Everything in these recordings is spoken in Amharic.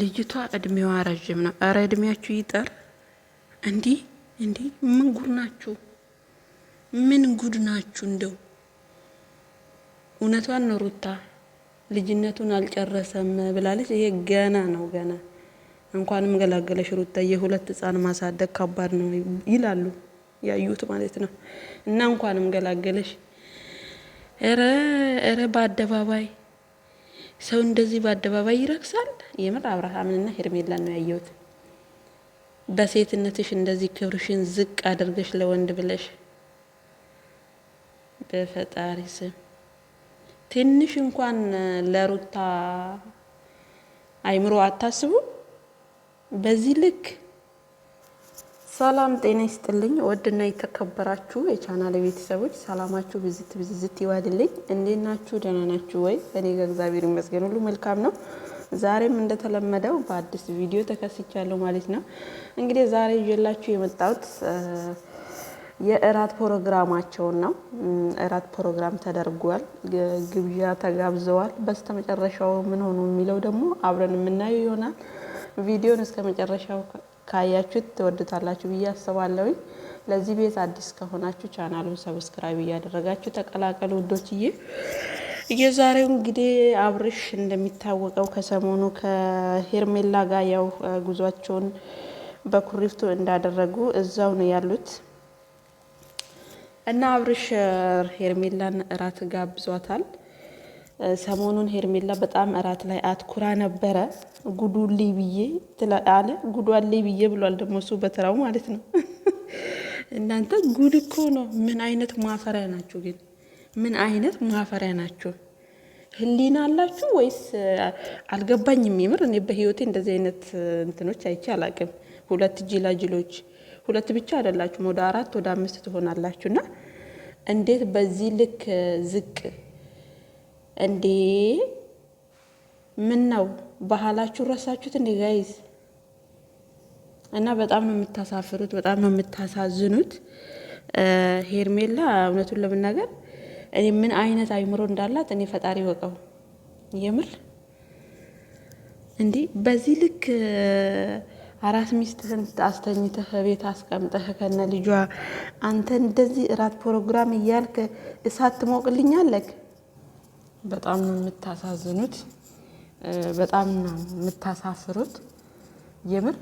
ልጅቷ እድሜዋ ረዥም ነው። እረ እድሜያችሁ ይጠር። እንዲህ እንዲህ ምን ጉድ ናችሁ? ምን ጉድ ናችሁ? እንደው እውነቷን ነው ሩታ ልጅነቱን አልጨረሰም ብላለች። ይሄ ገና ነው ገና። እንኳንም ገላገለሽ ሩታ። የሁለት ህፃን ማሳደግ ከባድ ነው ይላሉ ያዩት ማለት ነው። እና እንኳንም ገላገለሽ። ረ ረ በአደባባይ ሰው እንደዚህ በአደባባይ ይረክሳል። የምር አብርሃምንና ሄርሜላን ነው ያየሁት። በሴትነትሽ እንደዚህ ክብርሽን ዝቅ አድርገሽ ለወንድ ብለሽ በፈጣሪ ስም ትንሽ እንኳን ለሩታ አይምሮ አታስቡ በዚህ ልክ ሰላም ጤና ይስጥልኝ። ወድና የተከበራችሁ የቻናል ቤተሰቦች ሰላማችሁ ብዝት ብዝት ይዋድልኝ። እንዴት ናችሁ? ደህና ናችሁ ወይ? እኔ እግዚአብሔር ይመስገን ሁሉ መልካም ነው። ዛሬም እንደተለመደው በአዲስ ቪዲዮ ተከስቻለሁ ማለት ነው። እንግዲህ ዛሬ ይዤላችሁ የመጣሁት የእራት ፕሮግራማቸውን ነው። እራት ፕሮግራም ተደርጓል፣ ግብዣ ተጋብዘዋል። በስተመጨረሻው ምን ሆኑ የሚለው ደግሞ አብረን የምናየው ይሆናል። ቪዲዮን እስከ መጨረሻው ካያችሁት ትወዱታላችሁ ብዬ አስባለሁ። ለዚህ ቤት አዲስ ከሆናችሁ ቻናሉን ሰብስክራይብ እያደረጋችሁ ተቀላቀሉ ውዶችዬ። የዛሬው እንግዲህ አብርሽ እንደሚታወቀው ከሰሞኑ ከሄርሜላ ጋር ያው ጉዟቸውን በኩሪፍቱ እንዳደረጉ እዛው ነው ያሉት እና አብርሽ ሄርሜላን እራት ጋብዟታል። ሰሞኑን ሄርሜላ በጣም እራት ላይ አትኩራ ነበረ። ሌ ብዬ አለ ጉዷሌ ብዬ ብሏል። ደግሞ እሱ በተራው ማለት ነው። እናንተ ጉድ እኮ ነው። ምን አይነት ማፈሪያ ናችሁ ግን? ምን አይነት ማፈሪያ ናችሁ? ህሊና አላችሁ ወይስ? አልገባኝም። የሚምር እኔ በህይወቴ እንደዚህ አይነት እንትኖች አይቼ አላቅም። ሁለት ጅላጅሎች ሁለት ብቻ አይደላችሁም፣ ወደ አራት ወደ አምስት ትሆናላችሁና እንዴት በዚህ ልክ ዝቅ እንዴ ምን ነው ባህላችሁ ረሳችሁት እንዴ ጋይዝ? እና በጣም ነው የምታሳፍሩት፣ በጣም ነው የምታሳዝኑት። ሄርሜላ እውነቱን ለመናገር እኔ ምን አይነት አይምሮ እንዳላት እኔ ፈጣሪ ወቀው የምር እንዲህ በዚህ ልክ አራት ሚስትህን አስተኝተህ ቤት አስቀምጠህ ከነ ልጇ አንተ እንደዚህ እራት ፕሮግራም እያልክ እሳት ትሞቅልኛለህ። በጣም ነው የምታሳዝኑት። በጣም ነው የምታሳፍሩት። የምር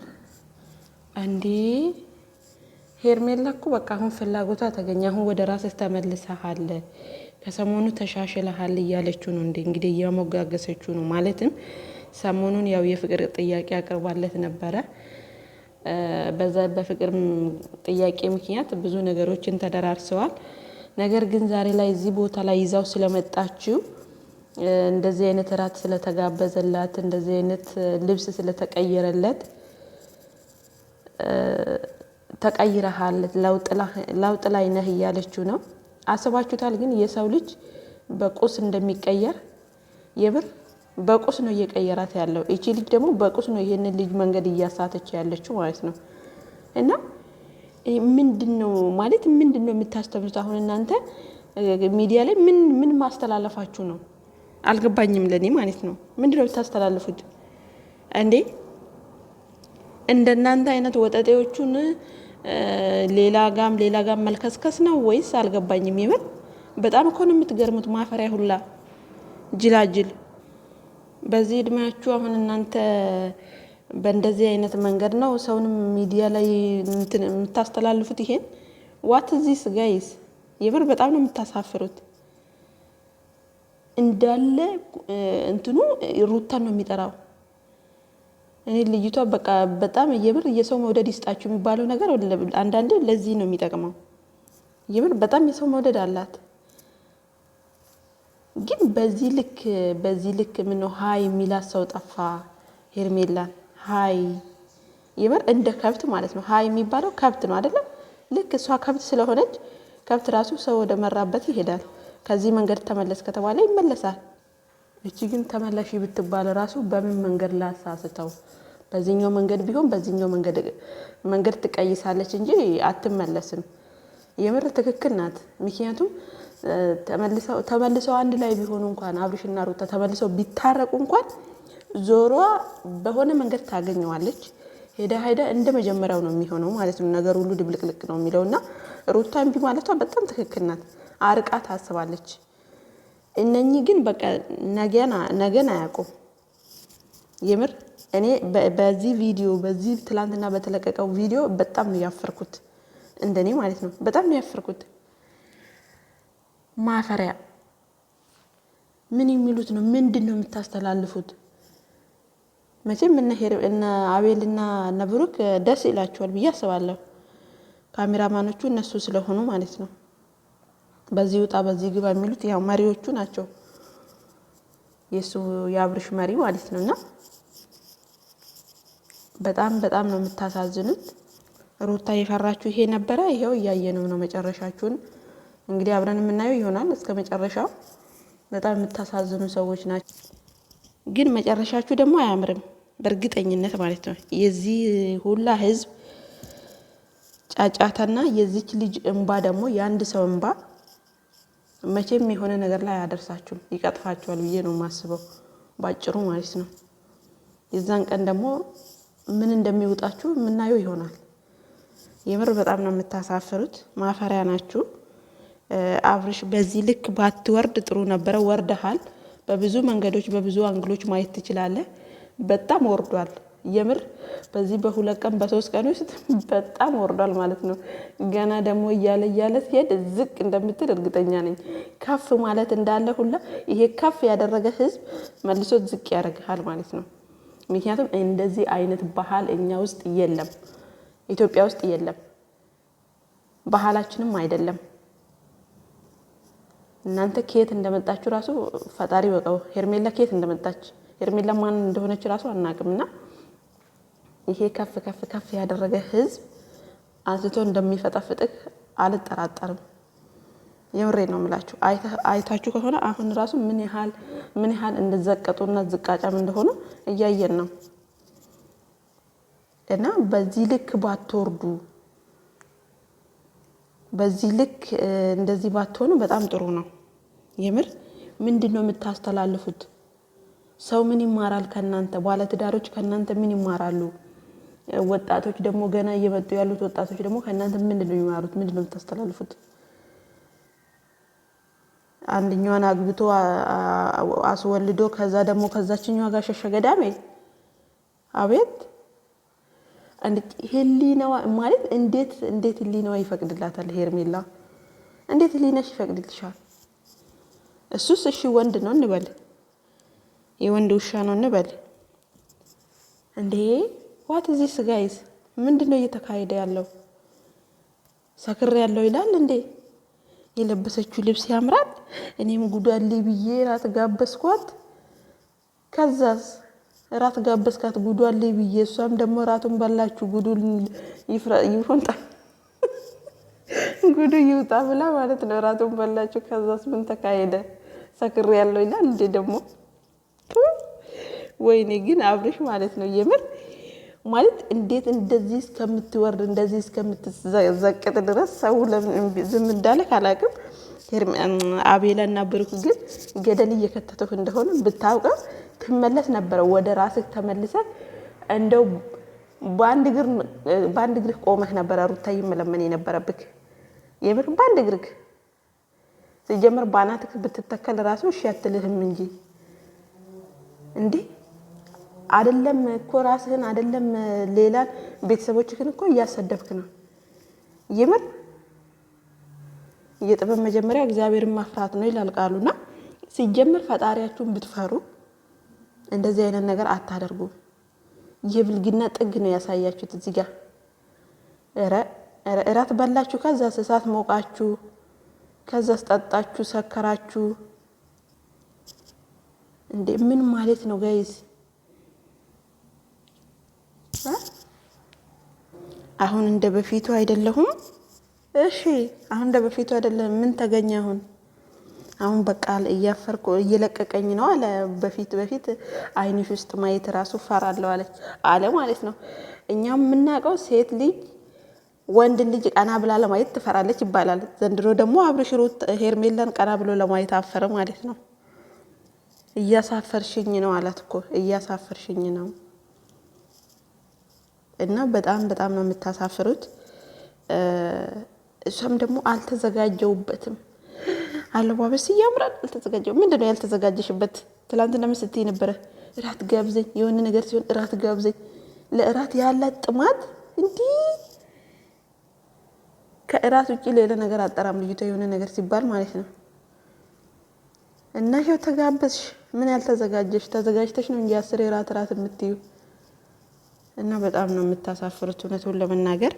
እንዴ ሄርሜላ እኮ በቃ አሁን ፍላጎቷ ተገኘ። አሁን ወደ ራስህ ተመልሰሃል፣ ከሰሞኑ ተሻሽለሃል እያለችው ነው እንዴ እንግዲህ እያሞጋገሰችው ነው። ማለትም ሰሞኑን ያው የፍቅር ጥያቄ አቅርባለት ነበረ። በዛ በፍቅር ጥያቄ ምክንያት ብዙ ነገሮችን ተደራርሰዋል። ነገር ግን ዛሬ ላይ እዚህ ቦታ ላይ ይዛው ስለመጣችው እንደዚህ አይነት እራት ስለተጋበዘላት፣ እንደዚህ አይነት ልብስ ስለተቀየረለት ተቀይረሃል፣ ለውጥ ላይ ነህ እያለችው ነው። አስባችሁታል? ግን የሰው ልጅ በቁስ እንደሚቀየር የብር በቁስ ነው እየቀየራት ያለው። ይቺ ልጅ ደግሞ በቁስ ነው ይህንን ልጅ መንገድ እያሳተች ያለችው ማለት ነው። እና ምንድን ነው ማለት ምንድን ነው የምታስተምሩት? አሁን እናንተ ሚዲያ ላይ ምን ምን ማስተላለፋችሁ ነው? አልገባኝም። ለእኔ ማለት ነው ምንድን ነው የምታስተላልፉት እንዴ? እንደናንተ አይነት ወጠጤዎቹን ሌላ ጋም ሌላ ጋም መልከስከስ ነው ወይስ አልገባኝም። ይበል በጣም እኮ ነው የምትገርሙት። ማፈሪያ ሁላ ጅላጅል። በዚህ እድሜያችሁ አሁን እናንተ በእንደዚህ አይነት መንገድ ነው ሰውንም ሚዲያ ላይ የምታስተላልፉት። ይሄን ዋት ዚስ ጋይስ የምር በጣም ነው የምታሳፍሩት። እንዳለ እንትኑ ሩታን ነው የሚጠራው። እኔ ልጅቷ በቃ በጣም የምር የሰው መውደድ ይስጣችሁ የሚባለው ነገር አንዳንዴ ለዚህ ነው የሚጠቅመው። የምር በጣም የሰው መውደድ አላት። ግን በዚህ ልክ በዚህ ልክ ምነው ሀይ የሚላት ሰው ጠፋ። ሄርሜላን ሀይ የምር እንደ ከብት ማለት ነው። ሀይ የሚባለው ከብት ነው አይደለም? ልክ እሷ ከብት ስለሆነች ከብት ራሱ ሰው ወደ መራበት ይሄዳል። ከዚህ መንገድ ተመለስ ከተባለ ይመለሳል። እቺ ግን ተመላሽ ብትባል ራሱ በምን መንገድ ላሳስተው፣ በዚህኛው መንገድ ቢሆን በዚህኛው መንገድ ትቀይሳለች እንጂ አትመለስም። የምር ትክክል ናት። ምክንያቱም ተመልሰው አንድ ላይ ቢሆኑ እንኳን አብርሽና ሩታ ተመልሰው ቢታረቁ እንኳን ዞሯ በሆነ መንገድ ታገኘዋለች። ሄዳ ሄዳ እንደ መጀመሪያው ነው የሚሆነው ማለት ነው። ነገር ሁሉ ድብልቅልቅ ነው የሚለው እና ሩታ እምቢ ማለቷ በጣም ትክክል ናት። አርቃ ታስባለች። እነኚህ ግን በቃ ነገን አያውቁም። የምር እኔ በዚህ ቪዲዮ በዚህ ትላንትና በተለቀቀው ቪዲዮ በጣም ነው ያፈርኩት፣ እንደኔ ማለት ነው። በጣም ነው ያፈርኩት። ማፈሪያ ምን የሚሉት ነው? ምንድን ነው የምታስተላልፉት? መቼም እነ አቤልና እነ ብሩክ ደስ ይላቸዋል ብዬ አስባለሁ። ካሜራማኖቹ እነሱ ስለሆኑ ማለት ነው። በዚህ ውጣ በዚህ ግባ የሚሉት ያው መሪዎቹ ናቸው። የእሱ የአብርሽ መሪ ማለት ነው። እና በጣም በጣም ነው የምታሳዝኑት። ሩታ የፈራችሁ ይሄ ነበረ። ይሄው እያየነው ነው። መጨረሻችሁን እንግዲህ አብረን የምናየው ይሆናል እስከ መጨረሻው። በጣም የምታሳዝኑ ሰዎች ናቸው። ግን መጨረሻችሁ ደግሞ አያምርም፣ በእርግጠኝነት ማለት ነው። የዚህ ሁላ ህዝብ ጫጫታና የዚች ልጅ እንባ ደግሞ የአንድ ሰው እንባ መቼም የሆነ ነገር ላይ አደርሳችሁ ይቀጥፋችኋል ብዬ ነው የማስበው ባጭሩ ማለት ነው። የዛን ቀን ደግሞ ምን እንደሚውጣችሁ የምናየው ይሆናል። የምር በጣም ነው የምታሳፍሩት፣ ማፈሪያ ናችሁ። አብርሽ በዚህ ልክ ባትወርድ ጥሩ ነበረ። ወርደሃል። በብዙ መንገዶች በብዙ አንግሎች ማየት ትችላለህ። በጣም ወርዷል። የምር በዚህ በሁለት ቀን በሶስት ቀን ውስጥ በጣም ወርዷል ማለት ነው። ገና ደግሞ እያለ እያለ ሲሄድ ዝቅ እንደምትል እርግጠኛ ነኝ። ከፍ ማለት እንዳለ ሁላ ይሄ ከፍ ያደረገ ህዝብ መልሶ ዝቅ ያደርግሃል ማለት ነው። ምክንያቱም እንደዚህ አይነት ባህል እኛ ውስጥ የለም፣ ኢትዮጵያ ውስጥ የለም፣ ባህላችንም አይደለም። እናንተ ከየት እንደመጣችሁ ራሱ ፈጣሪ በቀው ሄርሜላ ከየት እንደመጣች ሄርሜላ ማን እንደሆነች ራሱ አናቅምና ይሄ ከፍ ከፍ ከፍ ያደረገ ህዝብ አንስቶ እንደሚፈጠፍጥህ አልጠራጠርም። የምሬ ነው የምላችሁ። አይታችሁ ከሆነ አሁን ራሱ ምን ያህል ምን ያህል እንደዘቀጡና ዝቃጫም እንደሆነ እያየን ነው። እና በዚህ ልክ ባትወርዱ፣ በዚህ ልክ እንደዚህ ባትሆኑ በጣም ጥሩ ነው። የምር ምንድን ነው የምታስተላልፉት? ሰው ምን ይማራል ከእናንተ? ባለትዳሮች ከእናንተ ምን ይማራሉ? ወጣቶች ደግሞ ገና እየመጡ ያሉት ወጣቶች ደግሞ ከእናንተ ምንድን ነው የሚማሩት? ምንድን ነው የምታስተላልፉት? አንደኛዋን አግብቶ አስወልዶ ከዛ ደግሞ ከዛችኛዋ ጋር ሸሸ ገዳሜ። አቤት ህሊናዋ ማለት እንዴት እንዴት ህሊናዋ ይፈቅድላታል? ሄርሜላ እንዴት ህሊናሽ ይፈቅድልሻል? እሱስ እሺ ወንድ ነው እንበል የወንድ ውሻ ነው እንበል እንዴ ዋት ዚስ ጋይስ ምንድን ነው እየተካሄደ ያለው? ሰክር ያለው ይላል እንዴ? የለበሰችው ልብስ ያምራል። እኔም ጉዷሌ ብዬ ራት ጋበዝኳት። ከዛስ ራት ጋበዝካት ጉዷሌ ብዬ፣ እሷም ደግሞ ራቱን በላችሁ ጉዱን ይፈንጣ ጉዱ ይውጣ ብላ ማለት ነው። ራቱን በላችሁ። ከዛስ ምን ተካሄደ? ሰክር ያለው ይላል እንዴ ደግሞ። ወይኔ ግን አብርሽ ማለት ነው የምር ማለት እንዴት እንደዚህ እስከምትወርድ እንደዚህ እስከምትዘቅጥ ድረስ ሰው ዝም እንዳለ አላውቅም። አቤላ እና ብሩክ ግን ገደል እየከተተሁ እንደሆነ ብታውቀው ትመለስ ነበረ። ወደ ራስህ ተመልሰ እንደው በአንድ እግርህ ቆመህ ነበረ ሩታ መለመን የነበረብክ የምር በአንድ እግርህ ሲጀምር በአናትህ ብትተከል ራሱ እሺ አትልህም እንጂ እንዴ አደለም እኮ ራስህን አደለም ሌላን ቤተሰቦችህን እኮ እያሰደብክ ነው። ይምር የጥበብ መጀመሪያ እግዚአብሔርን መፍራት ነው ይላል እና ሲጀምር ፈጣሪያችሁን ብትፈሩ እንደዚህ አይነት ነገር አታደርጉም። የብልግና ጥግ ነው ያሳያችሁት እዚህ ጋ እራት በላችሁ፣ ከዛ እሳት ሞቃችሁ፣ ከዛ ስጠጣችሁ፣ ሰከራችሁ። እንዴ ምን ማለት ነው ጋይዝ? አሁን እንደ በፊቱ አይደለሁም። እሺ አሁን እንደ በፊቱ አይደለም። ምን ተገኘ አሁን? አሁን በቃ እያፈርኩ እየለቀቀኝ ነው አለ። በፊት በፊት አይንሽ ውስጥ ማየት ራሱ ፈራለሁ አለች አለ ማለት ነው። እኛም የምናውቀው ሴት ልጅ ወንድን ልጅ ቀና ብላ ለማየት ትፈራለች ይባላል። ዘንድሮ ደግሞ አብርሽ ሩት ሄርሜላን ቀና ብሎ ለማየት አፈረ ማለት ነው። እያሳፈርሽኝ ነው አላት እኮ እያሳፈርሽኝ ነው እና በጣም በጣም ነው የምታሳፍሩት። እሷም ደግሞ አልተዘጋጀውበትም። አለባበስ እያምራል፣ አልተዘጋጀው ምንድን ነው ያልተዘጋጀሽበት? ትላንትና ምን ስትይ ነበረ? እራት ጋብዘኝ፣ የሆነ ነገር ሲሆን እራት ጋብዘኝ። ለእራት ያላት ጥማት እንዲህ ከእራት ውጭ ሌላ ነገር አጠራም ልጅቷ የሆነ ነገር ሲባል ማለት ነው። እና ይኸው ተጋበዝሽ። ምን ያልተዘጋጀሽ? ተዘጋጅተሽ ነው እንጂ አስር የራት እራት የምትዩ እና በጣም ነው የምታሳፍሩት። እውነቱን ለመናገር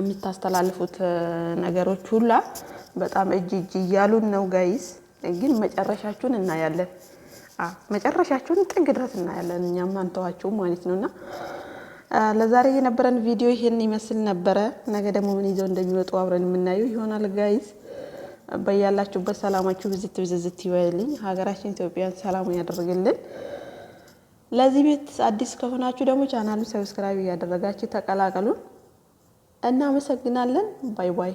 የምታስተላልፉት ነገሮች ሁላ በጣም እጅ እጅ እያሉን ነው ጋይስ። ግን መጨረሻችሁን እናያለን፣ መጨረሻችሁን ጥግ ድረስ እናያለን። እኛም አንተዋችሁ ማለት ነው እና ለዛሬ የነበረን ቪዲዮ ይሄን ይመስል ነበረ። ነገ ደግሞ ምን ይዘው እንደሚወጡ አብረን የምናየው ይሆናል ጋይዝ በያላችሁበት ሰላማችሁ ብዝት ብዝዝት ይበልኝ። ሀገራችን ኢትዮጵያን ሰላሙ ያደርግልን። ለዚህ ቤት አዲስ ከሆናችሁ ደግሞ ቻናሉን ሰብስክራይብ እያደረጋችሁ ተቀላቀሉን። እናመሰግናለን። ባይ ባይ።